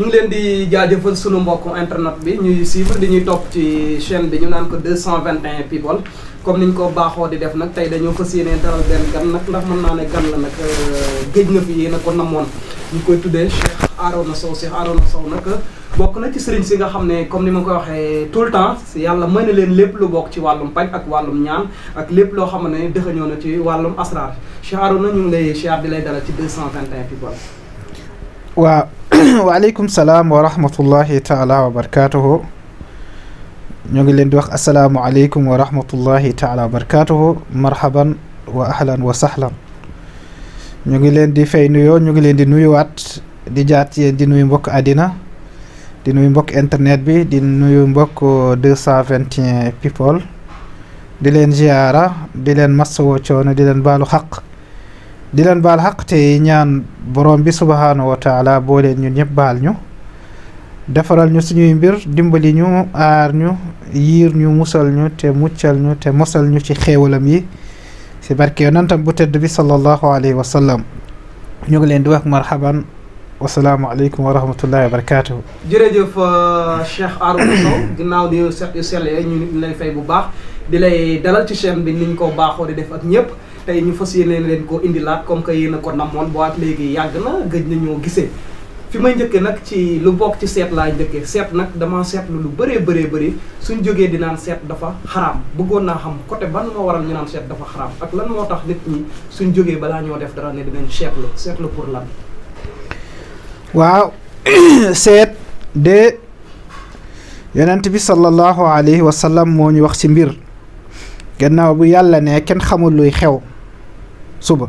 ñu ngi leen di jaajëfal sunu mbokk internet bi ñuy suivre di ñuy topp ci chaîne bi ñu naan ko deux cent vingt 221 people comme ni niñ ko baaxoo di def nag tey dañoo fas yéene dalal benn gan nag ndax mën naa ne gan la nag euh, géej nga fi yéen a ko namoon ñu koy tuddee Cheikh Arona Sow Cheikh Arona Sow nag euh, bokk na ci sëriñ si nga xam ne comme ni ma koy waxee tout le temps yàlla may na leen lépp lu bokk ci wàllum paj ak wàllum ñaan ak lépp loo xam ne dëxañoo na ci wàllum asraar Cheikh Arona ñu ngi lay Cheikh di lay dalal ci 221 people. waaw. waaleykum salaam wa rahmatullahi taala wa ñoo ngi leen di wax asalaamualeykum wa rahmatullahi taala wa barakaatuhu marhaban wa ahlan wa sahlan ñu ngi leen di fay nuyoo ñu ngi leen di nuyuwaat di jaat yéen di nuyu mbokk àddina di nuyu mbokk internet bi di nuyu mbokk deux cent vingt et un people di leen ziyaara di leen massawoo coono di leen baalu xaq di leen baal xaq te ñaan borom bi subhaanahu wa taala boo leen ñun ñëpp baal ñu defaral ñu suñuy mbir dimbali ñu aar ñu yiir ñu musal ñu te muccal ñu te mosal ñu ci xéewalam yi ci barke yonantam bu tedd bi sallallahu alayhi wa sallam ñu ngi leen di wax marhaban wasalaamaaleykum wa rahmatullahi wa barakaatuhu. jërëjëf euh, Cheikh Arouna Sow ginnaaw di seet yu sell ñu ngi lay fay bu baax di lay dalal ci chaîne bi niñ ko baaxoo di def ak ñëpp. tey ñu fas yéene leen koo indilaat comme que yéen ko namoon boo ak léegi yàgg na gëj nañoo gisee fi may njëkkee nag ci lu bokk ci seet laa njëkkee seet nag dama seetlu lu bëree bëree bëri suñ jógee dinaan seet dafa xaram bëggoon naa xam côté ban moo waral ñu naan seet dafa xaram ak lan moo tax nit ñi suñ jógee balaa ñoo def dara ne dinañ seetlu seetlu pour lan. waaw seet de yonent bi sallallahu alayhi wa moo ñu wax ci mbir. gannaaw bu yàlla nee kenn xamul luy xew suba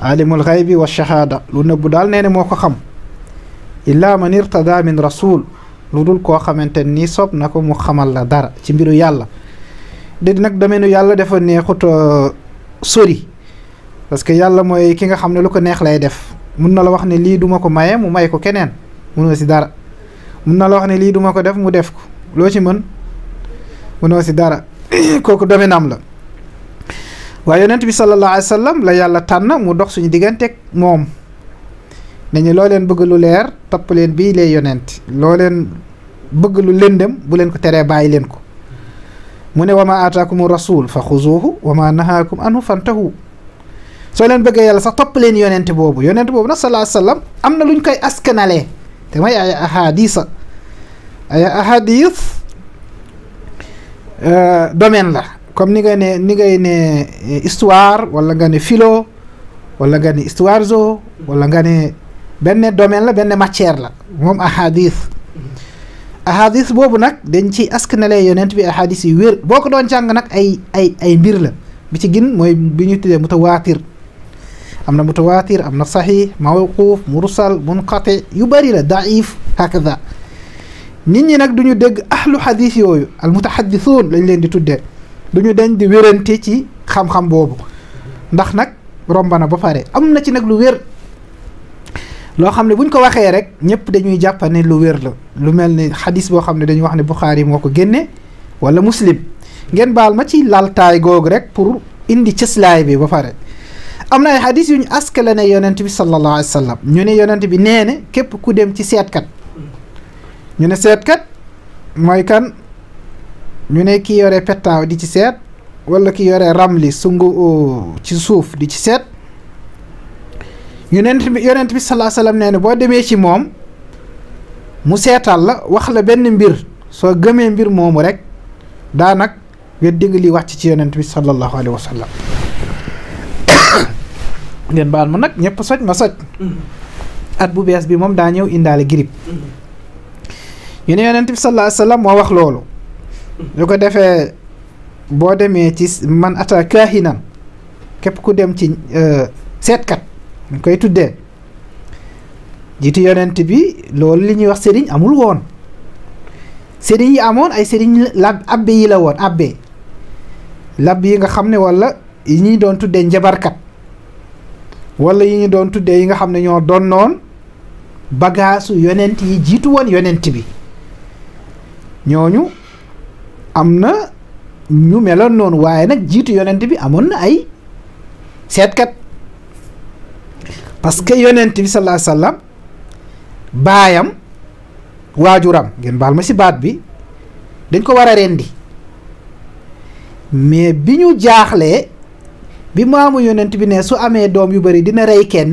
alimul xaybi wa shahaada lu nëbbu daal nee ne moo ko xam illaa man irtada min rasul lu dul koo xamante nii sob na ko mu xamal la dara ci mbiru yàlla dédi nag damenu yàlla dafa neexut euh, sori parce que yàlla mooy ki nga xam ne lu ko neex lay def mun na la wax ne lii duma ko maye mu may ko keneen munoo si dara mun na la wax ne lii duma ko def mu def ko loo ci mën munoo si dara kooku domaine am la waaye yonent bi sallallahu alayhi wa sallam la yàlla tànn mu dox suñu digganteeg moom nañu loo leen bëgg lu leer topp leen bii lay yonent loo leen bëgg lu lëndëm bu leen ko teree bàyyi leen ko mu ne wama aataakumu rasul fa xuzuuhu wama nahaakum anhu fantahu soo leen bëggee yàlla sax topp leen yonent boobu yonent boobu nag sallallahu alayhi wa sallam am na luñ koy askanalee te mooy ay ahadisa ay ahadis Euh, domaine la comme ni nga ne ni ngay ne euh, histoire wala nga ne philo wala nga ne histoire zo wala nga ne benn domaine la benn matière la moom ahadis ahadis boobu nag dañ ci askanale yonent bi ahadis yu wér boo ko doon jàng nag ay ay ay mbir la bi ci gin mooy bi ñu tuddee mutawaatir am na mutawaatir am na saxiix mawquuf mursal munqati yu bëri la daif hakada nit ñi nag du ñu dégg ahlu xadis yooyu almutaxaddisuun lañ leen di tuddee du ñu dañ di wérante ci xam-xam boobu ndax nag romb na ba pare am na ci nag lu wér loo xam ne buñ ko waxee rek ñëpp dañuy jàpp lu wér la lu mel ni xadis boo xam ne dañuy wax ne Buxaari moo ko génne wala muslim ngeen baal ma ci laltaay googu rek pour indi cëslaay bi ba pare. am na ay xadis yu ñu askale ne yonent bi sallallahu alayhi ñu ne yonent bi nee ne képp ku dem ci seetkat. ñu ne seetkat mooy kan ñu ne ki yore pettaaw di ci seet wala ki yore ramli sungu uh, ci suuf di ci seet yonent bi yonent bi salaa salaam nee na boo demee ci moom mu seetal la wax la benn mbir soo gëmee mbir moomu rek daanag weddi nga li wax ci yonent bi sallallahu alayhi wa sallam ngeen baal ma nag ñépp soj ma soj mm-hmm. at bu bees bi moom daa ñëw indaale grippe mm-hmm. ñu ne yonent bi sallallahu moo wax loolu ñu ko defee boo demee ci man ata kaahinan képp ku dem ci euh, seetkat ñu koy tuddee jiitu yonent bi loolu li ñuy wax sëriñ amul woon sëriñ yi amoon ay sëriñ la abbe yi la woon abbe lab yi nga xam ne walla yi ñuy doon tuddee njabarkat wala yi ñu doon tuddee yi nga xam ne ñoo doon noon bagaasu yonent yi jiitu woon yonent bi ñooñu am na ñu meloon noonu waaye nag jiitu yonent bi amoon na ay seetkat parce que yonent bi sallallahu baayam waajuram ngeen baal ma ci baat bi dañ ko war a rendi mais bi ñu jaaxlee bi maamu yonent bi ne su amee doom yu bari dina rey kenn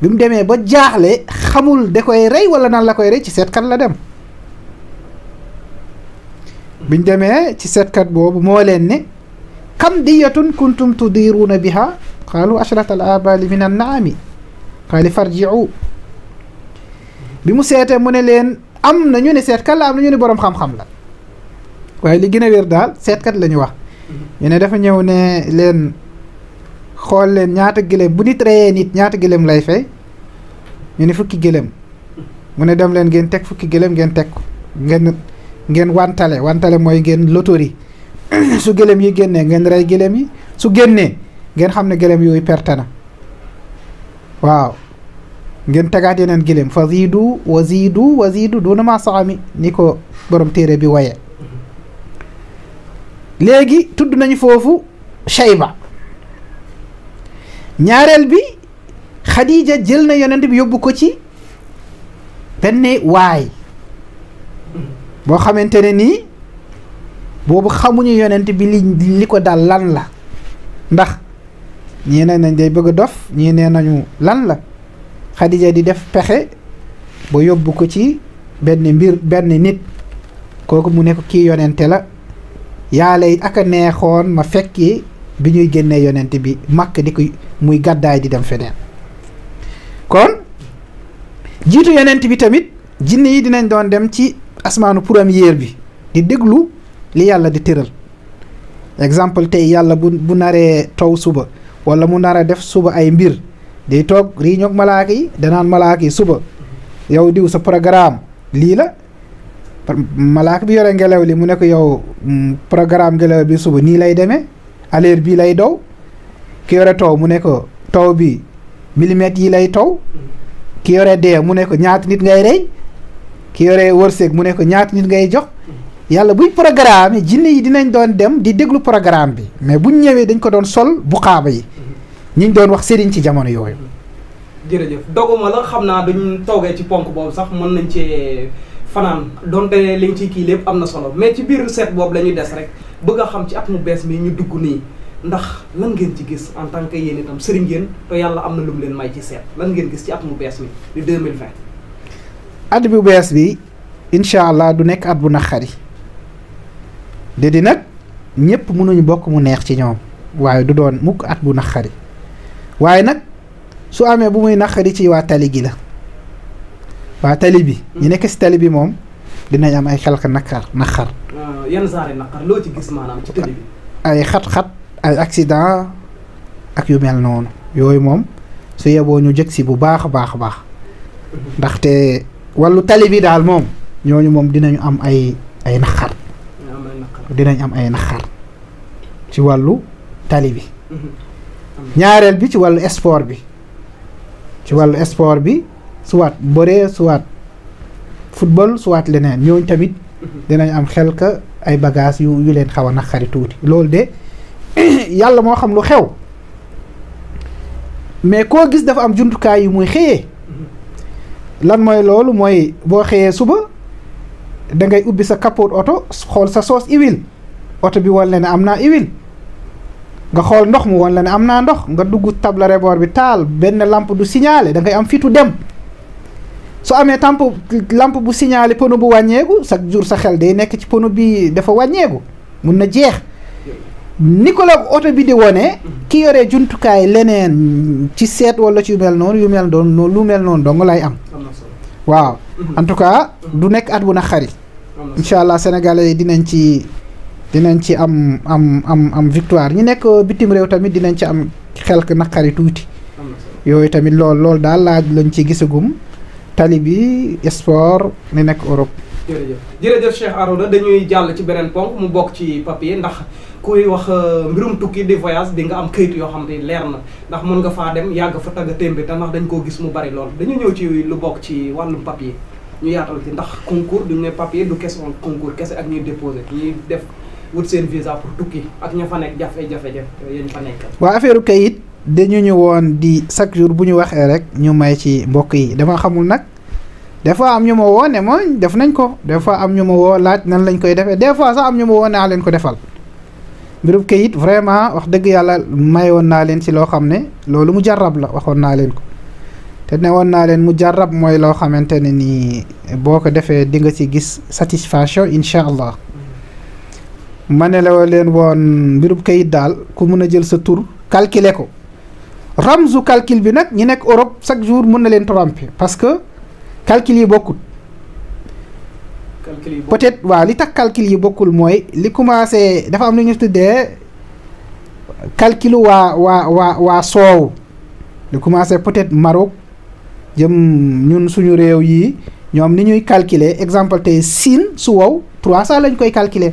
bi mu demee ba jaaxle xamul da koy rey wala nan la koy rey ci seetkat la dem biñ demee ci seetkat boobu moo leen ne kam diyatun kuntum tudiruuna biha qaalu ashrat al abali min an naami qaali farjiu bi mu seetee mu ne leen am na ñu ne seetkat la am na ñu ne boroom xam-xam la waaye li gën a wér daal seetkat la wax ñu ne dafa ñëw ne leen xool leen ñaata gëléem bu nit reyee nit ñaata gëléem lay fay ñu ne fukki gëléem mu ne dem leen ngeen teg fukki gëléem ngeen teg ko ngeen ngeen wantale wantale mooy ngeen lotori su gëlëm yi génnee ngeen rey gëlëm yi su génnee ngeen xam ne gëlëm yooyu perte na waaw ngeen tegaat yeneen gëlëm fa ziidu wa ziidu wa ma saxami ni ko borom téere bi waye léegi tudd nañu foofu Shayba ñaareel bi Khadija jël na yeneen bi yóbbu ko ci benn waay boo xamante ne nii boobu xamuñu yonent bi li li ko dal lan la ndax ñii ne nañ day bëgg dof ñii nañu lan la Xadija di def pexe ba yóbbu ko ci benn mbir benn nit kooku mu ne ko kii yonente la yaa lay ak a neexoon ma fekki bi ñuy génnee yonent bi màkk di ko muy gàddaay di dem feneen kon jiitu yonent bi tamit jinne yi dinañ doon dem ci asmaanu première bi di déglu li yàlla di tëral exemple tey yàlla bu bu naree taw suba wala mu nar a def suba ay mbir day toog riñoog malaaka yi danaan malaaka yi suba yow diw sa programme lii la malaaka bi yore ngelaw li mu nekk ko yow mm, programme ngelaw bi suba nii lay demee aleer bi lay dow ki yore taw mu nekk ko taw bi millimètres yi lay taw ki yore dee mu nekk ko ñaata nit ngay rey ki yore wërsëg mu ne ko ñaata nit ngay jox yàlla buy programme jinne yi dinañ doon dem di déglu programme bi mais buñ ñëwee dañ ko doon sol bu xaaba yi ñiñ doon wax sëriñ ci jamono yooyu jërëjëf doguma la xam naa duñ toogee ci ponk boobu sax mën nañ cee fanaan donte li nga ci kii lépp am na solo mais ci biir seet boobu la ñuy des rek bëgg a xam ci at mu bees mii ñu dugg nii ndax lan ngeen ci gis en tant que yéen itam sëriñ ngeen te yàlla am na lu leen may ci seet lan gis ci at mu bees mi di 2020 at bu bees bi incha allah du nekk at bu naqari di di nag ñëpp mënuñu bokk mu neex ci ñoom waaye du doon mukk at bu naxari waaye nag su amee bu muy naqari ci waa tali gi la waa tali bi. ñu nekk si tali bi moom dinañ am ay xelka naqar naqar. Euh, yan loo ci gis maanaam ci tali ay xat-xat ay accident ak yu mel noonu yooyu moom su yeboo ñu jëg si bu baax a baax a baax mhm. ndaxte. wàllu tali bi daal moom ñooñu moom dinañu am ay ay naxar dinañ am ay naxar ci wàllu tali bi mm-hmm. ñaareel bi ci wàllu sport bi ci wàllu sport bi soit bëre soit football soit leneen ñooñu tamit mm-hmm. dinañ am xel ka ay bagages yu leen xaw a naxari tuuti loolu de yàlla moo xam lu xew mais koo gis dafa am jumtukaay yu muy xëyee lan mooy loolu mooy boo xëyee suba dangay ubbi sa capot oto xool sa soos huile oto bi wan la ne am naa huile nga xool ndox mu wan la ne am naa ndox nga dugg table rebord bi taal benn lampe du signalé da ngay am fitu dem su amee tamp làmp bu signalé pono bu wàññeeku chaque jour sa xel day nekk ci pono bi dafa wàññeeku mun na jeex ni ko la oto bi di wone ki yore jumtukaay leneen ci seet wala ci yu mel noonu yu mel noonu lu mel noonu dong lay am. waaw mhm. en tout cas du nekk at bu na xari incha allah sénégalais yi dinañ ci dinañ ci am am am am victoire ñi nekk bitim réew tamit dinañ ci am xel naqari tuuti. yooyu tamit lool loolu daal laaj lañ ci gisagum tali bi sport ni nekk Europe. jërëjëf jërëjëf dañuy jàll ci beneen ponk mu bokk ci papier ndax. kuy wax euh, mbirum tukki di voyage di nga am këyit yoo xam ne leer na ndax mën nga faa dem yàgg fa tagga témbi te ndax dañ koo gis mu bari lool dañu ñëw ci lu bokk ci wàllum papier ñu yaatal ci ndax concours duñu ne papier du question concours kese ak ñuy déposé ñuy def wut seen visa pour tukki ak ña fa nekk jafe-jafe yañ fa nekk waaw affaire kayit dañu ñu woon di chaque jour bu ñu waxee rek ñu may ci mbokk yi dama xamul nag des fois am ma woo ne def nañ ko des fois am ñu ma woo laaj nan lañ koy defee des fois sax am ñu ma woo naa leen ko defal mbirub kayit vraiment wax dëgg yàlla mayoon naa leen ci loo xam ne loolu mu jarab la waxoon naa leen ko te ne woon naa leen mu jarab mooy loo xamante ne nii boo ko defee di nga ci gis satisfaction incha allah ma ne la leen woon mbirum kayit daal ku mun a jël sa tur calculer ko ramzu calcul bi nag ñi nekk Europe chaque jour mun na leen tromper parce que calcul yi bokkut. peut-être waaw li tax calcul yi bokkul mooy li commencé dafa am lu ñu tuddee calcul waa waa waa waa soow li commencé peut-être Maroc jëm ñun suñu réew yi ñoom ni ñuy calculer exemple tey Sine su wow trois cent lañ koy calculer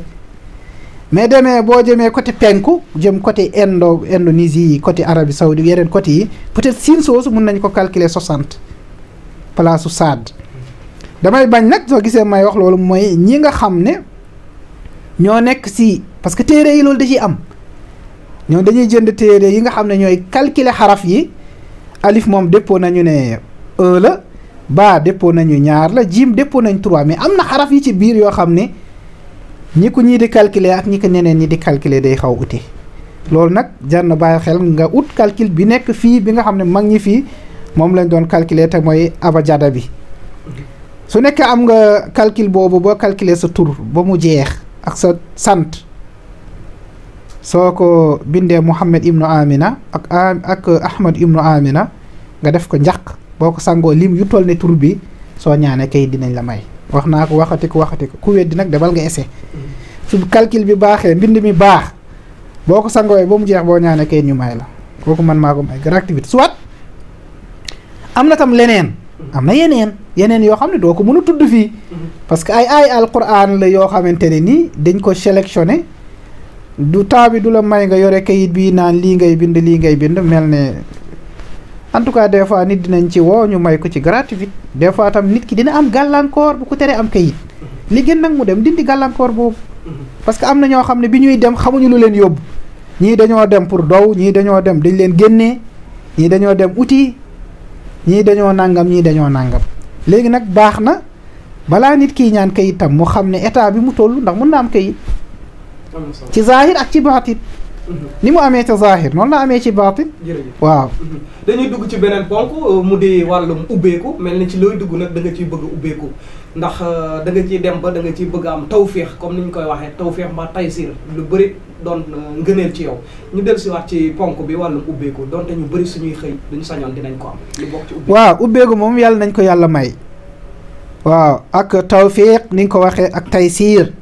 mais demee boo jëmee côté penku jëm côté indo Indonésie yi côté Arabie Saoudite yeneen côté yi peut-être Sine su mun nañ ko calculer soixante place su Saad. damay bañ nag soo gisee may wax loolu mooy ñi nga xam ne ñoo nekk si parce que téere yi loolu da ciy am ñoom dañuy jënd téere yi nga xam ne ñooy calculer xaraf yi alif moom dépôt nañu ne un baa ba nañu ñaar la jiim dépôt nañ trois mais am na xaraf yi ci biir yoo xam ne ñi ko ñii di calculer ak ñi ko ñeneen ñi di calculer day xaw ute loolu nag jar na bàyyi xel nga ut calcul bi nekk fii bi nga xam ne mag ñi fii moom lañ doon calculer te mooy abajada bi su nekkee am nga calcule boobu boo calculer sa tur ba mu jeex ak sa sant soo ko bindee Mouhamed ibnu Amina ak ak Ahmad ibnu Amina nga def ko njaq boo ko sangoo lim yu toll ne tur bi soo ñaanee kay dinañ la may wax naa ko waxati ko waxati ko ku weddi nag demal nga essayer su calcul bi baaxee mbind mi baax boo ko sangooyee ba mu jeex boo ñaanee kay ñu may la kooku man maa ko may gratuite soit am na tam leneen am na yeneen yeneen yoo xam ne doo ko mën a tudd fii parce que ay ay alquran la yoo xamante ne nii dañ ko sélectionné du temps bi du la may nga yore kayit bi naan lii ngay bind lii ngay bind mel ne en tout cas des fois nit dinañ ci woo ñu may ko ci gratuite des fois tam nit ki dina am gàllankoor bu ko teree am kayit li gën nag mu dem dindi gàllankoor boobu parce que am na ñoo xam ne bi ñuy dem xamuñu lu leen yóbbu ñii dañoo dem pour dow ñii dañoo dem dañ leen génnee ñii dañoo dem uti ñii dañoo nangam ñii dañoo nàngam léegi nag baax na balaa nit kii ñaan kayitam mu xam ne état bi mu toll ndax mun na am kayit ci zahir ak ci baatit mhm. ni mu amee ca zahir noonu la amee ci baatit waaw mhm. dañuy dugg ci beneen ponk euh, mu dee wàllum ubbeeku mel ni ci looy dugg nag da nga ciy bëgg ubbeeku ndax euh, da nga ciy dem ba danga ciy bëgg am tawféex comme ni ñu koy waxee tawféex mbaa taysiir lu bëri doon euh, ngëneel ci yow ñu del siwaat ci ponk bi wàllum ubbeeku donte ñu bëri suñuy xëy duñu sañoon dinañ ko am lu bokk ci ubbeeku moom yàlla nañ ko yàlla may waaw ak tawféex ni nga ko waxee ak taysiir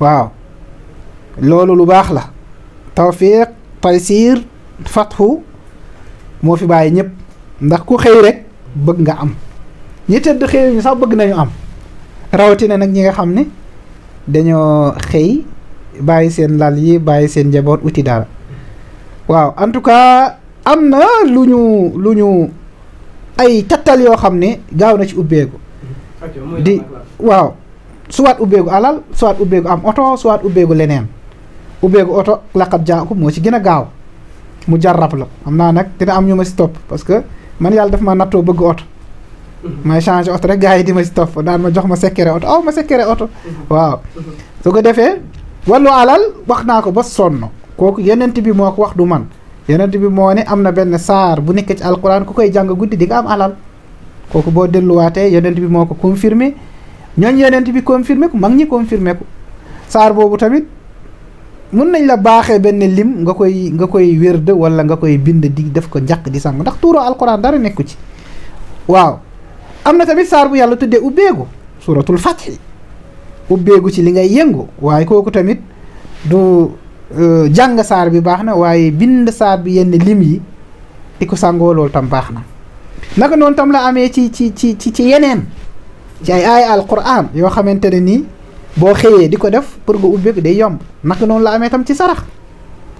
waaw loolu lu baax la tawféex taysiir fatxu moo fi bàyyi ñëpp ndax ku xëy rek bëgg nga am ñi tëdd xëyuñu sax bëgg nañu am rawatina nag ñi nga xam ne dañoo xëy bàyyi seen lal yi bàyyi seen njaboot uti dara waaw en tout cas am na lu ñu lu ñu ay tattal yoo xam ne gaaw na ci ubbeeku di waaw soit ubbeegu alal soit ubbeegu am oto soit ubbeegu leneen ubbeegu oto laqat jaakum moo ci gën a gaaw mu jarrab la xam naa nag dina am ñu ma si topp parce que man yàlla daf ma nattoo bëgg oto may changé oto rek gars yi di ma si topp daan ma jox ma sekkere oto aw ma sekkere oto. waaw su ko defee wàllu alal wax naa ko ba sonn kooku yenent bi moo ko wax du man yenent bi moo ne am na benn saar bu nekk ci ku koy jàng guddi di nga am alal kooku boo delluwaatee yenent bi moo ko confirmé ñooñ yenent bi confirmé ko mag ñi confirmé ko saar boobu tamit. mën nañ la baaxee benn lim nga koy nga koy wérd wala nga koy bind di def ko njaq di sang ndax tuuroo alxuraan dara nekku ci waaw am na tamit saar bu yàlla tëddee ubbeegu suuratul fatxi ubbeegu ci li ngay yëngu waaye kooku tamit du euh, jàng saar bi baax na waaye bind saar bi yenn lim yi di ko sàngoo loolu tam baax na naka noonu tam la amee ci ci ci ci ci yeneen ci ay aaya alquran yoo xamante ne nii boo xëyee di ko def pour nga ubbeeku day yomb naka noonu la amee tam ci sarax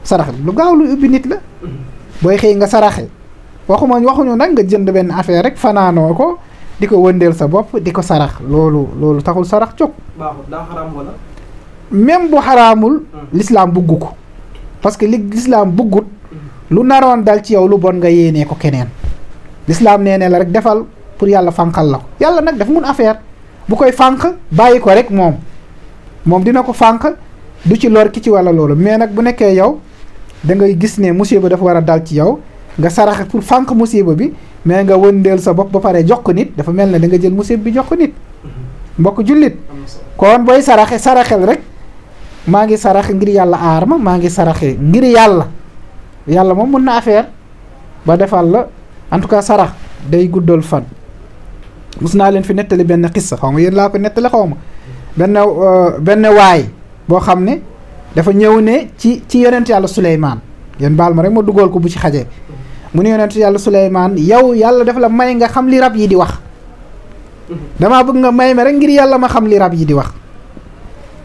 sarax lu gaaw lu ubbi nit la mm-hmm. booy xëy nga saraxe waxuma waxuñu nag nga jënd benn affaire rek fanaanoo ko di ko wëndeel sa bopp di ko sarax loolu loolu taxul sarax jóg. baaxul même bu xaraamul. Hmm. lislaam bugg ko parce que li l'islam buggut hmm. lu naroon dal ci yow lu bon nga yéenee ko keneen lislaam nee ne la rek defal pour yàlla fànqal la ko yàlla nag daf mun affaire bu koy fànq bàyyi ko rek moom moom dina ko fànq du ci lor ci walla loolu mais nag bu nekkee yow da ngay gis ne musiba dafa war a dal ci yow nga sarax pour fànq musiba bi mais nga wëndeel sa bopp ba pare jox ko nit dafa mel ne danga jël musib bi jox ko nit mbokk jullit kon booy saraxe saraxel rek maa ngi saraxe ngir yàlla aar ma maa ngi saraxe ngir yàlla yàlla moom mun na affaire ba defal la en tout cas sarax day guddal fan mus naa leen fi nettali benn xissa xaw ma yéen laa ko nettali xaw ma benn euh, benn waay boo xam ne dafa ñëw ne ci ci yonent yàlla Suleymaan yéen baal ma rek ma dugal ko bu ci xajee mu ne yonentu yàlla Suleymaan yow yàlla def la may nga xam li rab yi di wax damaa bëgg nga may mi rek ngir yàlla ma xam li rab yi di wax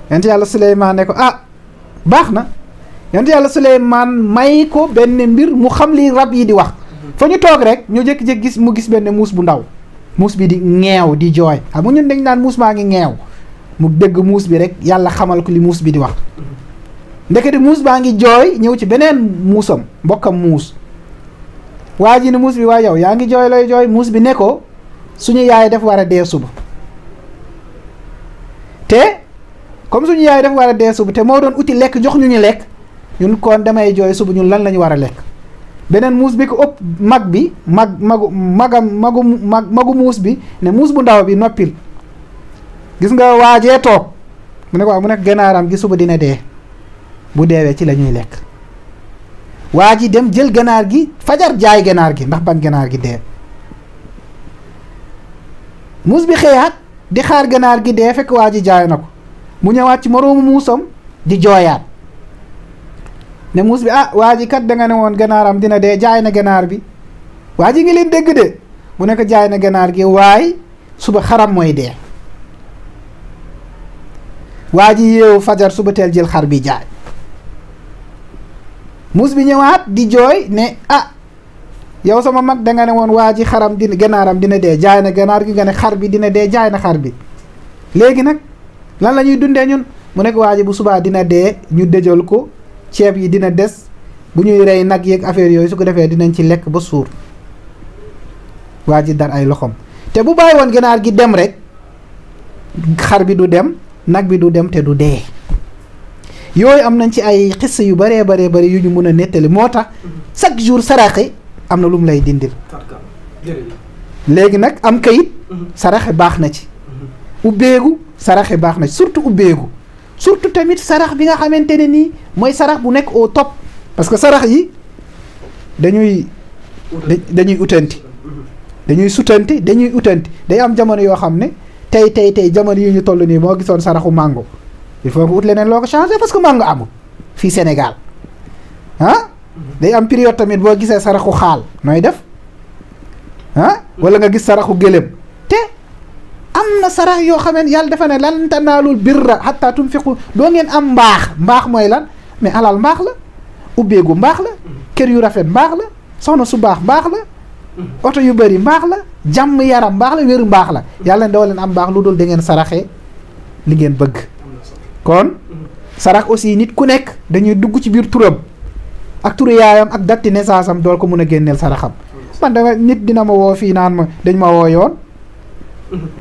yonentu yàlla Suleymaan ne ko ah baax na yonentu yàlla Suleymaan may ko benn mbir mu xam li rab yi di wax fa ñu toog rek ñu jékki-jékki gis mu gis benn muus bu ndaw muus bi di ŋeew di jooy xam ah, nga ñun dañ naan muus maa ngi ŋeew mu dëgg muus bi rek yàlla xamal ko li muus bi di wax ndekete muus baa ngi jooy ñëw ci beneen muusam mbokkam muus waa ji ni muus bi waa yow yaa ngi jooy lay jooy muus bi ne ko suñu yaay def war a dee suba te comme suñu yaay def war a dee suba te moo doon uti lekk jox ñu ñu lekk ñun kon damay jooy suba ñu lan la ñu war a lekk beneen muus bi ko ëpp mag bi mag magu magam magu mag magu muus bi ne muus bu ndaw bi noppil gis nga waajee toog mu ne ko mu nekk gànnaaram gi suba dina dee bu deewee ci la ñuy lekk waa ji dem jël ganaar gi fajar jaay ganaar gi ndax bañ ganaar gi dee muus bi xëyaat di xaar ganaar gi dee fekk waa ji jaay na ko mu ñëwaat ci moroomu muusam di jooyaat ne muus bi ah waa ji kat danga ne woon ganaaram dina dee jaay na ganaar bi waa ji ngi leen dégg de bu nekk jaay na ganaar gi waaye suba xaram mooy dee waa ji yeewu fajar suba teel jël xar bi jaay muus bi ñëwaat di jooy ne ah yow sama mag danga ne woon waa ji xaram dina ganaaram dina dee jaay na ganaar gi nga ne xar bi dina dee jaay na xar bi léegi nag lan la ñuy dundee ñun mu nekk waaj bu subaa dina dee ñu dëjal ko ceeb yi dina des bu ñuy rey nag yeeg affaire yooyu su ko defee dinañ ci lekk ba suur waa ji dar ay loxoom te bu bàyyi woon ganaar gi dem rek xar bi du dem nag bi du dem te du dee yooyu am nañ ci ay xissa yu bëree bëree bëri yu ñu mun a nettali moo tax chaque jour saraxe am na lu mu lay dindil léegi nag am kayit saraxe baax na ci ubbeegu saraxe baax na ci surtout ubbeegu surtout tamit sarax bi nga xamante ne nii mooy sarax bu nekk au top parce que sarax yi dañuy dañuy utanti dañuy sutanti dañuy utanti day am jamono yoo xam ne tey tey tey jamono yi ñu toll nii moo gisoon saraxu màngo il faut ut leneen loo ko changé parce que mango amul fii Sénégal ah. day am période tamit boo gisee saraxu xaal nooy def ah. wala nga gis saraxu gëléem te am na sarax yoo xam ne yàlla dafa ne lan tanaalul birra hatta tunfiqu doo ngeen am mbaax mbaax mooy lan mais alal mbaax la ubbeegu mbaax la kër yu rafet mbaax la soxna su baax mbaax la. oto yu bëri mbaax la jàmm yaram mbaax la wéru mbaax la yàlla doo leen am mbaax lu dool da ngeen saraxee li ngeen bëgg. kon sarax aussi nit ku nekk dañuy dugg ci biir turam ak turu ak datti naissance am dool ko mën a génneel saraxam man dama nit dina ma woo fii naan ma dañ ma woo yoon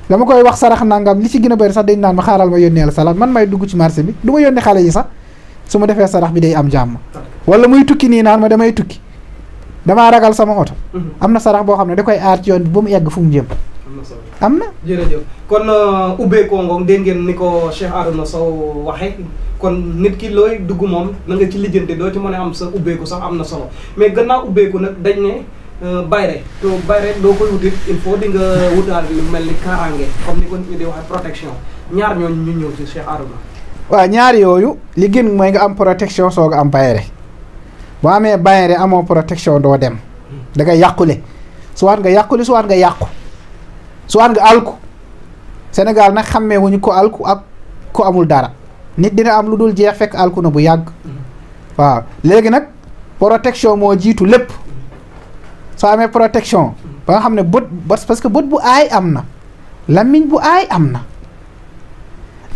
dama koy wax sarax nangam li ci gën a bëri sax dañ naan ma xaaral ma yónneel sarax man may dugg ci marché bi du ma yónni xale yi sax su ma defee sarax bi day am jàmm wala muy tukki nii naan ma damay tukki damaa ragal sama oto mm-hmm. am na sarax boo xam ne da koy aar ci yoon bi ba mu egg fu mu am na jërëjëf kon ubbeekoo uh, ngoog dégg ngeen ni ko Cheikh Arouna Sow waxe kon nit ki looy dugg moom na nga ci lijjante doo ci mën a am sa ubbeeku sax am na solo mais gannaaw ubbeeku nag dañ ne uh, bayre to bayre doo koy wutit il faut di nga wutaal lu mel ni kaaraange comme ni ko nit di waxee protection ñaar ñooñu ñu ñëw ci Cheikh Arouna waa ñaar yooyu li gën mooy nga am protection soo nga am bayre boo amee bayre amoo protection doo dem hmm. da nga yàqule soit nga yàqule soit nga yàqu soit nga alku Sénégal na xàmmee ko alku ak ko amul dara nit dina am lu dul jeex fekk alku na bu yàgg waaw léegi nag protection moo jiitu lépp soo amee protection ba nga xam ne bët parce que bët bu aay am na làmmiñ bu aay am na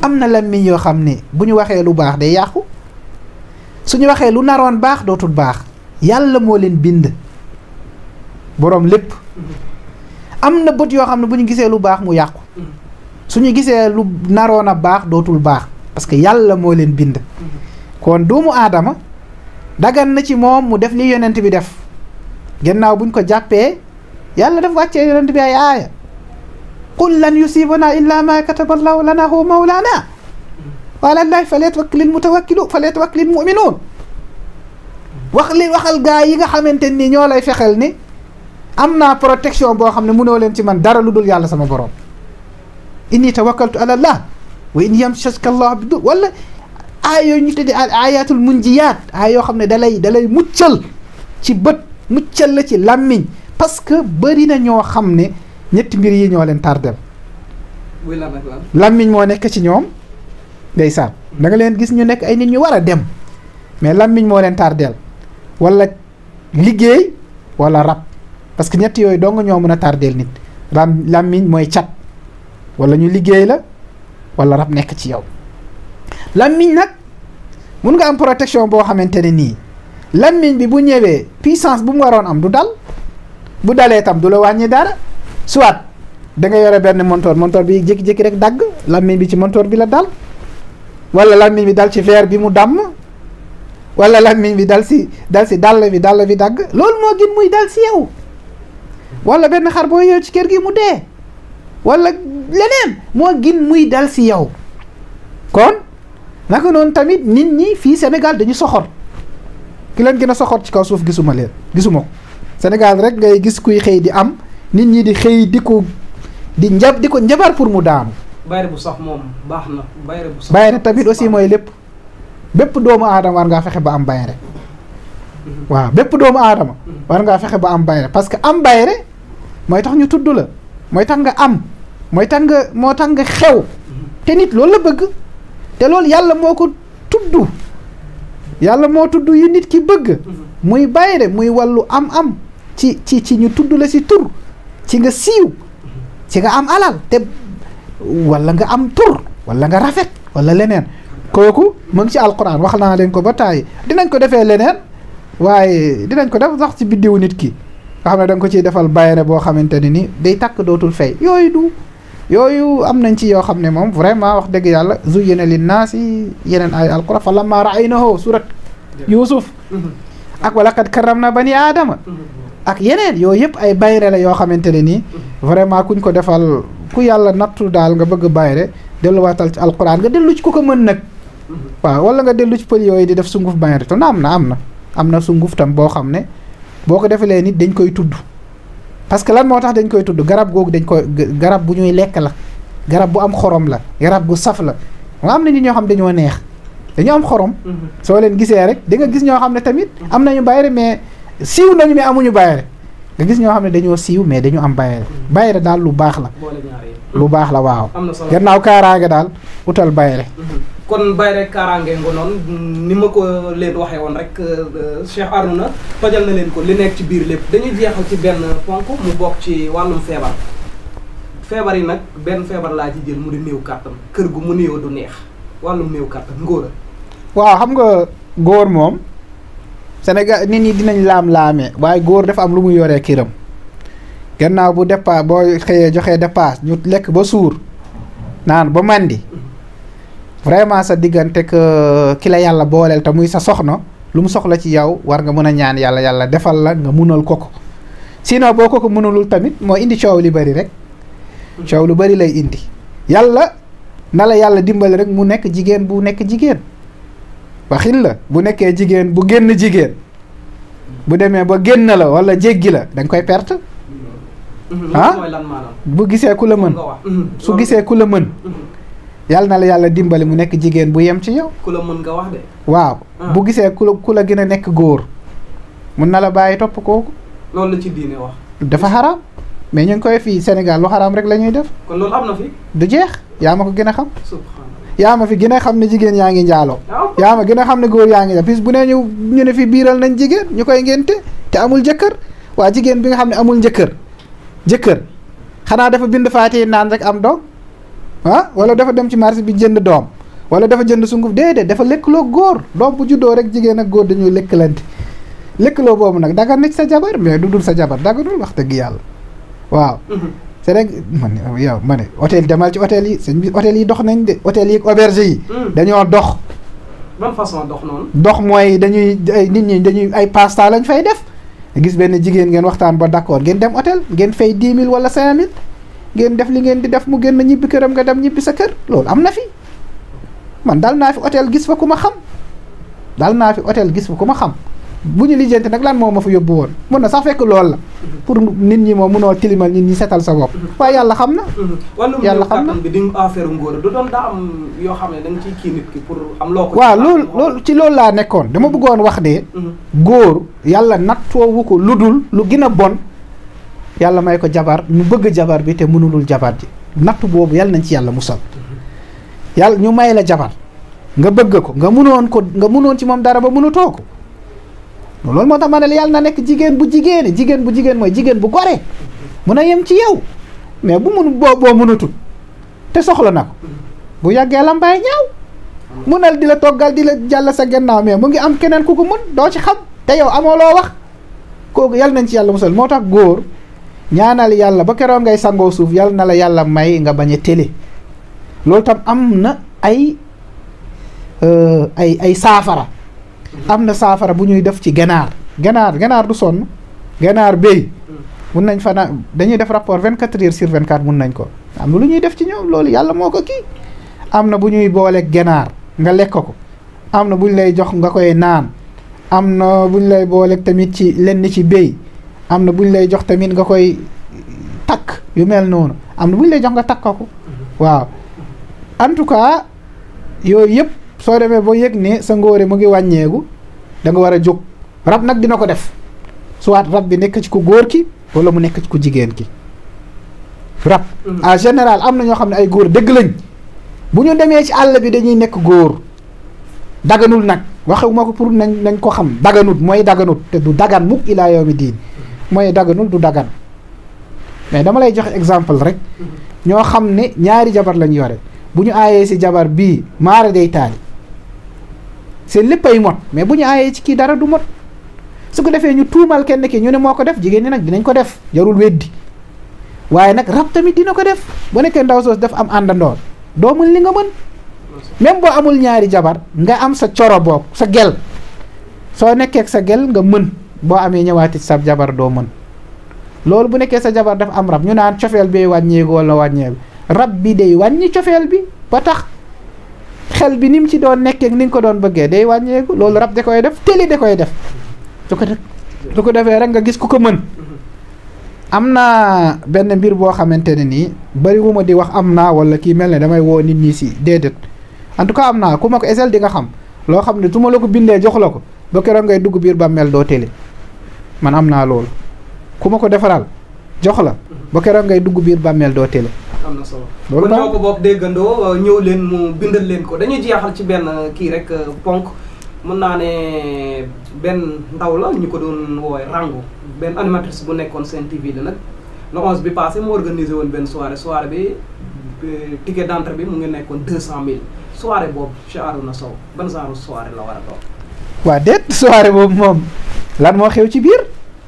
am na làmmiñ yoo xam ne bu ñu waxee lu baax day yàqu su ñu waxee lu naroon baax dootul baax yàlla moo leen bind boroom lépp am na bët yoo xam ne bu ñu gisee lu baax mu yàqu su ñu gisee lu naroon a baax dootul baax parce que yàlla moo leen bind kon doomu aadama dagan na ci moom mu def li yonent bi def gannaaw buñ ko jàppee yàlla daf wàccee yonent bi ay aaya qul lan yusibana illa ma kataba allahu lana huwa mawlana wa ala llahi falyatawakkali mutawakkilu falyatawakkali muminuun wax li waxal gaa yi nga xamante nii ñoo lay fexeel ni am naa protection boo xam ne mënoo leen ci man dara lu dul yàlla sama borom inni tawakkaltu ala allah wa in yamsaska allah bi du wala aay yooyu ñu tëddee ayatul munjiyaat aay yoo xam ne dalay dalay muccal ci bët muccal la ci làmmiñ parce que bëri na ñoo xam ne ñetti mbir yi ñoo leen tardel làmmiñ moo nekk ci ñoom ndeysaan da nga leen gis ñu nekk ay nit ñu war a dem mais làmmiñ moo leen tardel wala liggéey wala rab parce que ñett yooyu dong ñoo mën a tardeel nit lam làmmiñ mooy cat wala ñu liggéey la wala rab nekk ci yow làmmiñ nag mun nga am protection boo xamante ne nii làmmiñ bi bu ñëwee puissance bu mu waroon am du dal bu dalee tam du la wàññi dara soit danga yore benn montoor montoor bi jékki-jékki rek dagg làmmiñ bi ci montoor bi la dal wala làmmiñ bi dal ci verre bi mu dàmm walla làmmiñ bi dal si dal si dàll bi dàll bi dagg loolu moo gën muy dal si wala benn xar boo ñëw ci kër gi mu dee walla leneen moo gin muy dal si yow kon naka noonu tamit nit ñi fii senegal dañu soxor ki leen gën a soxor ci kaw suuf gisuma leen gisuma ko Sénégal rek ngay gis kuy xëy di am nit ñi di xëy di ko di njab di ko njabar pour mu daanu. bayre bu sax moom baax na bayre bu sax. bayre tamit aussi mooy lépp bépp doomu aadama war ngaa fexe ba am bayre waaw bépp doomu aadama. war ngaa fexe ba am bayre parce que am bayre mooy tax ñu tudd la mooy tax nga am mooy tax nga moo tax nga xew. te nit loolu la bëgg te loolu yàlla moo ko tudd yàlla moo tudd yu nit ki bëgg. muy bayre muy wallu am-am ci ci ci ñu tudd la si tur ci nga siiw ci nga am alal te walla nga am tur wala nga rafet wala leneen kooku mën ngi ci alquran wax naa leen ko ba tàyyi dinañ ko defee leneen. waaye dinañ ko def sax ci biddiwu nit ki nga xam ne da ko ciy defal bayre boo xamante ne nii day takk dootul fay yooyu du yooyu am nañ ci yoo xam ne moom vraiment wax dëgg yàlla zuyyina linnaasi yeneen ay alquran fa lamma raaynahu surat mm-hmm. ak wala qad karam na bani aadama mm-hmm. ak yeneen yooyu yëpp ay bayre la yoo xamante ne nii mm-hmm. vraiment kuñ ko defal ku yàlla nattu daal nga bëgg bayre delluwaatal ci alquran nga dellu ci ku ko mën nag waaw wala nga dellu ci pël yooyu di def sunguf bayre to na am na am na am na sunguf tam boo xam ne boo ko defalee nit dañ koy tudd parce que lan moo tax dañ koy tudd garab googu dañ koy garab bu ñuy lekk la garab bu am xorom la garab gu saf la nga am na nit ñoo xam ne dañoo neex dañoo am xorom. Mhm. soo leen gisee rek da nga gis ñoo xam ne tamit mhm. am nañu bayre mais siiw nañu mais amuñu bayre nga gis ñoo xam ne dañoo siiw mais dañu am bayre mhm. bayre daal lu baax la. lu baax la waaw. gannaaw kaaraange daal utal bayre kon bay rek kaaraange noonu ni ma ko leen waxee woon rek euh, Cheikh na fajal na leen ko li nekk ci biir lépp dañuy jeexal ci benn ponk mu bokk ci wàllum feebar feebar yi nag benn feebar laa ci jël mu di néew kàttan kër gu mu néew du neex wàllum néew kàttan ngóor waaw xam nga góor moom Sénégal nit ñi dinañ laam-laamee waaye góor dafa am lu mu yore këram gannaaw bu dépasse boo xëyee joxee dépasse ñu lekk ba suur naan ba màndi vraiment sa diggante ki la yàlla booleel te muy sa soxna lu mu soxla ci yow war nga mën a ñaan yàlla yàlla defal la nga munal ko ko sinon boo ko ko munalul tamit moo indi coow li bari rek coow lu bari lay indi yàlla na la yàlla dimbali rek mu nekk jigéen bu nekk jigéen waxin la bu nekkee jigéen bu génn jigéen bu demee ba génn la wala jéggi la da koy perte mhm. ah bu gisee ku la mën su gisee ku la mën mhm. yàlla na la yàlla dimbali mu nekk jigéen bu yem ci yow. ku mën nga wax de. waaw ah. bu gisee ku la gën a nekk góor mun na la bàyyi topp kooku. loolu la ci diine wax. dafa xaraam mais ñu ngi koy fii Sénégal lu xaraam rek lañuy def. kon loolu am na fi. du jeex yaa ma ko gën a xam. yaa ma fi gën a xam ne jigéen yaa ngi njaaloo ah, yaa ma gën a xam ne góor yaa ngi def bis bu nee ñu ñu ne fi biiral nañ jigéen ñu koy ngénte te amul jëkkër waa jigéen bi nga xam ne amul njëkkër jëkkër xanaa dafa bind faatee naan rek am doom ah wala dafa dem ci marché bi jënd doom wala dafa jënd sunguf déedéet dafa lekkaloo góor doom bu juddoo rek jigéen ak góor dañuy lekkalante lekkaloo boobu nag daga na sa jabar mais du dul sa jabar daganul wax dëgg yàlla waaw. Mhm. c'est rek yow ma ne hôtel demal ci hôtel yi sëñ bi hôtel dox nañ de hôtel yi ak yi. Hmm. dañoo dox. ban façon dox noonu. dox mooy dañuy ay nit ñi dañuy ay pasta lañ fay def gis benn jigéen ngeen waxtaan ba d'accord ngeen dem hôtel ngeen fay dix mille wala cinq mille ngeen def li ngeen di def mu génn ñibbi këram nga dem ñibbi sa kër loolu am na fi man dal naa fi otel gis fa ku ma xam dal naa fi otel gis fa ku ma xam bu ñu lijjanti nag lan moo ma fa yóbbu woon mun na sax fekk lool la pour nit ñi moom munoo tilimal nit ñi setal sa bopp waaye yàlla xam na. Mhm. yàlla xam na bi di affaire ngóor du yoo xam ne da ciy kii nit ki pour am loo ko. waaw loolu loolu ci loolu laa nekkoon dama mhm. bëggoon wax de. Mhm. góor yàlla nattoowu ko lu dul lu gën a bon. yàlla may ko jabar mu bëgg jabar bi te mënulul jabar ji natt boobu yàlla nañ ci yàlla musal yàlla ñu may la jabar nga bëgg ko nga munoon ko nga mënoon ci moom dara ba mënutoo ko loolu moo tax ma ne la yàlla na nekk jigéen bu jigéene jigéen bu jigéen mooy jigéen bu gore mun a yem ci yow mais bu mun boo boo mënatul te soxla na ko bu yàggee lambaay ñaaw munal di la toggal di la jàll sa gannaaw mais mu ngi am keneen ku ko mun doo ci xam te yow amoo loo wax kooku yàlla nañ ci yàlla musal moo tax góor ñaanal yàlla ba keroog ngay sangoo suuf yàlla na la yàlla may nga bañ a télé loolu tam am na ay euh, ay ay saafara am na saafara bu ñuy def ci ganaar ganaar ganaar du sonn ganaar béy mun nañ fa dañuy def rapport 24 heures sur 24 mun nañ ko am lu ñuy def ci ñoom loolu yàlla moo ko kii am na bu ñuy booleeg ganaar nga lekk ko am na bu ñu lay jox nga koy naan am na bu ñu lay booleek tamit ci lenn ci béy am na bu lay jox tamit nga koy takk yu mel noonu am na bu lay jox nga takk ko waaw en tout cas yooyu yëpp soo demee ba yëg ne sa ngóore mu ngi wàññeeku da war a jóg rab nag dina ko def soit rab bi nekk ci ku góor ki wala mu nekk ci ku jigéen ki rab mm. général am na ñoo xam ne ay góor dëgg lañ bu ñu demee ci àll bi dañuy nekk góor daganul nag waxewuma ko pour nañ nañ ko xam daganut mooy daganut te du dagan mukk ilaa yawmi diin mooy daganul du dagan mais dama lay joxe exemple rek ñoo xam ne ñaari jabar lañu yore bu ñu aayee si jabar bii maara day taali seen lépp ay mot mais bu ñu aayee ci kii dara du mot su ko defee ñu tuumal kenn ki ñu ne moo ko def jigéen ñi nag dinañ ko def jarul weddi waaye nag rab tamit dina ko def bu nekkee ndaw soos def am àndandoor doo mën li nga mën même boo amul ñaari jabar nga am sa coro boog sa gel soo nekkee sa gel nga mën boo amee ñëwaati sab jabar doo mën loolu bu nekkee sa jabar daf am rab ñu naan cofeel bi wàññeeku wala wàññeeku rab bi day wàññi cofeel bi ba tax xel bi ni mu ci doon nekkee ni nga ko doon bëggee day wàññeeku loolu rab da koy def télé da koy def su ko def su ko defee rek nga gis ku ko mën am naa benn mbir boo xamante ne nii bariwuma di wax am naa wala kii mel ne damay woo nit ñi si déedéet en am naa ku ma ko esel di nga xam loo xam ne su ma la ko bindee jox la ko ba keroog ngay dugg biir bàmmeel doo télé man am naa loolu ku ma ko defaraal jox la ba keroog ngay dugg biir bàmmeel doo télé. am na solo loolu kon ñoo ko bokk déggandoo euh, ñëw leen mu bindal leen ko dañuy jeexal ci benn kii rek euh, ponk mën naa ne benn ndaw la ñu ko doon woowee Rango benn animatrice bu nekkoon seen TV la nag le 11 bi passé mu organisé woon benn soirée soirée bi euh, ticket d'entrée bi mu ngi nekkoon 200000 soirée boobu ci Arouna Sow ban genre soirée la war a doon. waa déet soirée boobu moom lan moo xew ci biir.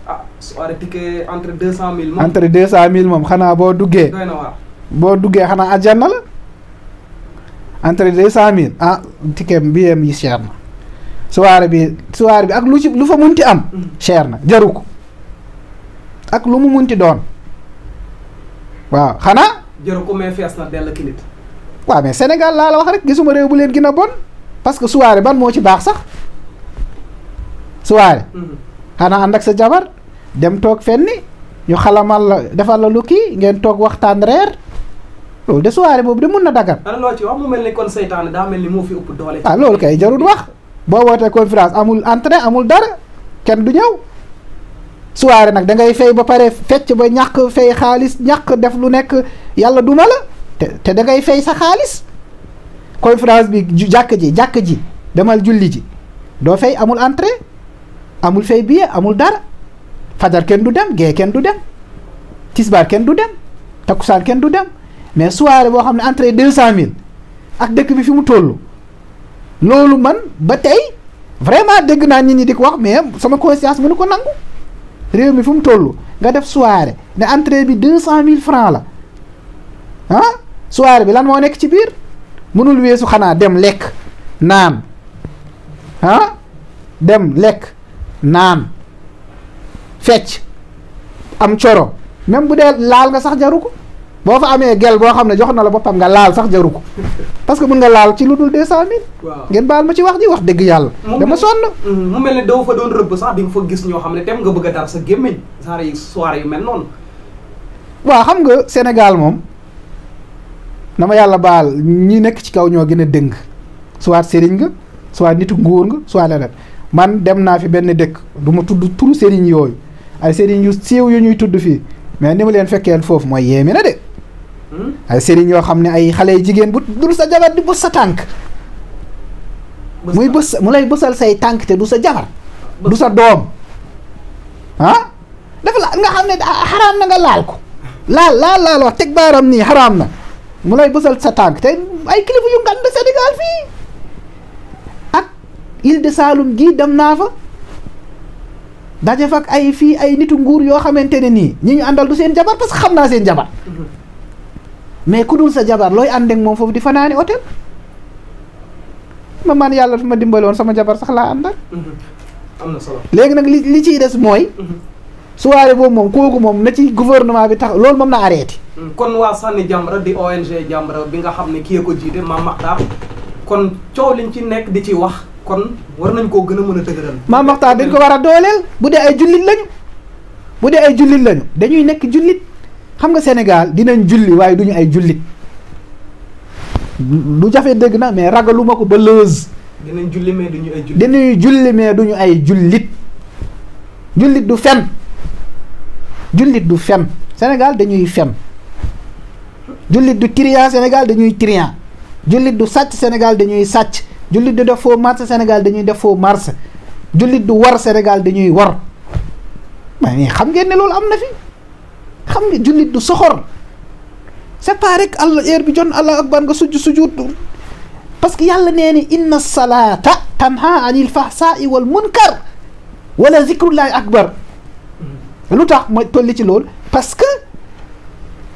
ah soirée ticket entre deux cent mille. moom entre cent mille moom xanaa boo duggee. doy na waar boo duggee xanaa àjjana la. entre deux cent mille ah ticket bi yem yi cher na. soirée bi soirée bi ak lu ci lu fa mun munti am. Mm. cher na jaru ko ak lu mu munti doon. waaw xanaa. jaru ko na dell ki nit. waaw mais Sénégal laa la wax rek gisuma réew bu leen gën a bon parce que soirée ban moo ci baax sax. soirée mhm. xanaa ànd ak sa jabar dem toog fenni ñu xalamal la defal la lu kii ngeen toog waxtaan reer loolu de soirée boobu de mun na dagar lan loo ci wax mu mel ni kon seytaane daa mel ni moo ah, loolu kay jarul wax boo wootee conférence amul entrée amul dara kenn du ñëw soirée nag da ngay fay ba pare fecc ba ñàkk fay xaalis ñàkk def lu nekk yàlla duma la te te da ngay fay sa xaalis conférence bi jàkk ji jàkk ji demal julli ji doo fay amul entrée. amul fay billet amul dara fajar kenn du dem gee kenn du dem tisbaar kenn du dem takkusaan kenn du dem mais soirée boo xam ne entrée deux cent mille ak dëkk bi fi mu toll loolu man ba tey vraiment dégg naa nit ñi di ko wax mais sama conscience mënu ko nangu réew mi fi mu toll nga def soirée ne entrée bi deux cent mille francs la ah soirée bi lan moo nekk ci biir mënul weesu xanaa dem lekk naan ah dem lekk naan fecc am coro même bu dee laal nga sax jaru ko boo fa amee gel boo xam ne jox na la boppam nga laal sax jaru ko parce que mën nga laal ci lu dul deux cent mille. ngeen baal ma ci wax ji wax dëgg yàlla. dama sonn. mu mel ne doo fa doon rëbb sax di nga fa gis ñoo xam ne tem nga bëgg a dar sa gémmiñ genre yu soirée mel noonu. waa xam nga Sénégal moom na yàlla baal ñi nekk ci kaw ñoo gën a dëng soit sëriñ nga soit nitu nguur nga soit leneen. man dem naa fi benn dëkk du ma tudd turu sëriñ yooyu ay sëriñ yu siiw yu ñuy tudd fii mais ni ma leen fekkee fekkeel foofu mooy yéeme na de. Hmm? ay sëriñ yoo xam ne ay xale jigéen bu dul sa jabar di bës sa tànk. muy bës mu lay bësal say tànk du sa jabar. du sa doom ah. dafa la nga xam ne ah, xaraam na nga laal ko laal laal laal wax teg baaram nii xaraam na mu lay bësal sa tànk te ay kilifa yu ngan Sénégal fii. Île de Saloum gii dem naa fa daje fa ay fii ay nitu nguur yoo xamante ne nii ñi ñu àndal du seen jabar parce que xam naa seen jabar mais ku dul sa jabar looy ànd ak moom foofu di fanaani hôtel ma man yàlla fi ma dimbali sama jabar sax laa ànd ak. am na léegi nag li li ciy des mooy. Mhm. soirée boobu moom kooku moom na ci gouvernement bi tax loolu moom na arrêté. Mhm. kon waa Sànni Jamra di ONG Jamra bi nga xam ne kii ko jiite Mame Makhtar kon coow liñ ci nekk di ci wax. kon war nañ koo gën a mën a dëgëral. maam Maxtaar dañ ko war a dooleel bu dee ay jullit lañu bu dee ay jullit lañu dañuy nekk jullit xam nga Sénégal dinañ julli waaye duñu ay jullit lu jafe dëgg na mais ragaluma ko ba lëz. dinañ julli mais duñu ay jullit mais duñu ay jullit jullit du fen jullit du fen Sénégal dañuy fen jullit du trian Sénégal dañuy trian jullit du sàcc Sénégal dañuy sàcc. jullit du def foo marché Sénégal dañuy def foo marché jullit du war Sénégal dañuy war mais xam ngeen ne loolu am na fi xam nga jullit du soxor c'est pas rek allah heure bi jon allah akbar nga sujj sujud parce que yàlla nee ni inna salaata tanha anil fahsaai wal munkar wala zikrullahi akbar lu tax ma tolli ci lool parce que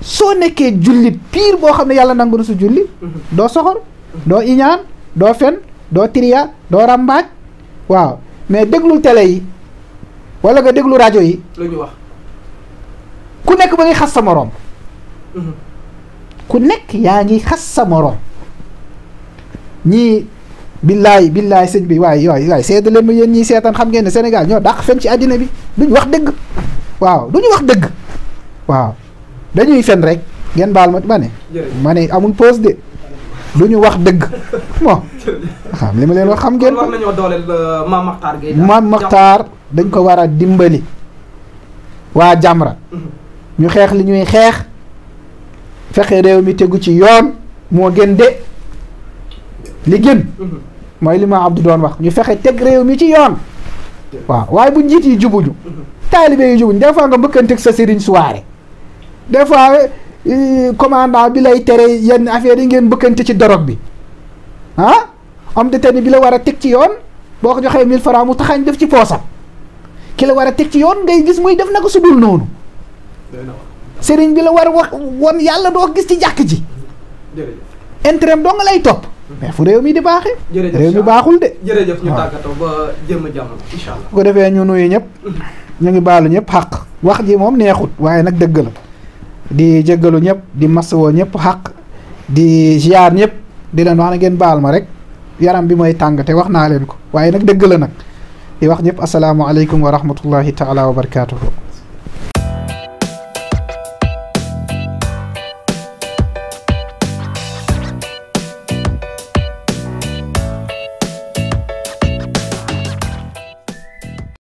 soo nekkee jullit pire boo xam ne yàlla nangu na su julli doo soxor doo iñaan doo fen doo tiriya doo ràmbaaj waaw mais déglu télé yi wala nga déglu rajo yi. lu wax. ku nekk ba ngi xas sa moroom. Mhm. ku nekk yaa ngi xas sa moroom. ñii billaay billaay sëñ bi waaye waay waay seetale ma yéen ñii seetaan xam ngeen ne Sénégal ñoo dàq fen ci àddina bi duñ wax dëgg. waaw duñu wax dëgg. waaw dañuy fen rek ngeen baal ma ma ne. amul pause de. du ñu wax dëgg bon xam ah, li ma leen wax xam ngeen war nañoo dooleel euh, Mame Makhtar Gueye Mame Makhtar dañ ko war a dimbali waa Jamra mhm. ñu xeex li ñuy xeex fexe réew mi tegu ci yoon moo gën de li gën mhm. mooy li ma Abdou doon wax ñu fexe teg réew mi ci yoon waaw waaye bu njiit yi jubuñu mhm. taalibe yi jubuñu des fois nga mbëkkanteeg sa sëriñ soirée des Eh, commandant bi lay tere yenn affaire yi ngeen bëkkante ci dorog bi ah am de tani bi la war a teg ci yoon boo ko joxee mil francs mu taxañ def ci poosam ki la war a teg ci yoon ngay gis muy def naka su dul noonu sëriñ bi la war a wax won yàlla doo gis ci jàkk ci intérêt doo nga lay topp mais fu réew mi di baaxe réew mi baaxul de jërëjëf ñu tàggatoo a jamono bu ko defee ñu nuyu ñëpp mm-hmm. ñu ngi baalu ñëpp xaq wax ji moom neexut waaye nag dëgg la di jéggalu ñëpp di masawoo ñëpp xaq di ziar ñëpp di leen wax na ngeen baal ma rek yaram bi mooy tàng te wax naa leen ko waaye nag dëgg la nag di wax ñëpp asalaamaaleykum wa rahmatullahi taala wa barakaatuhu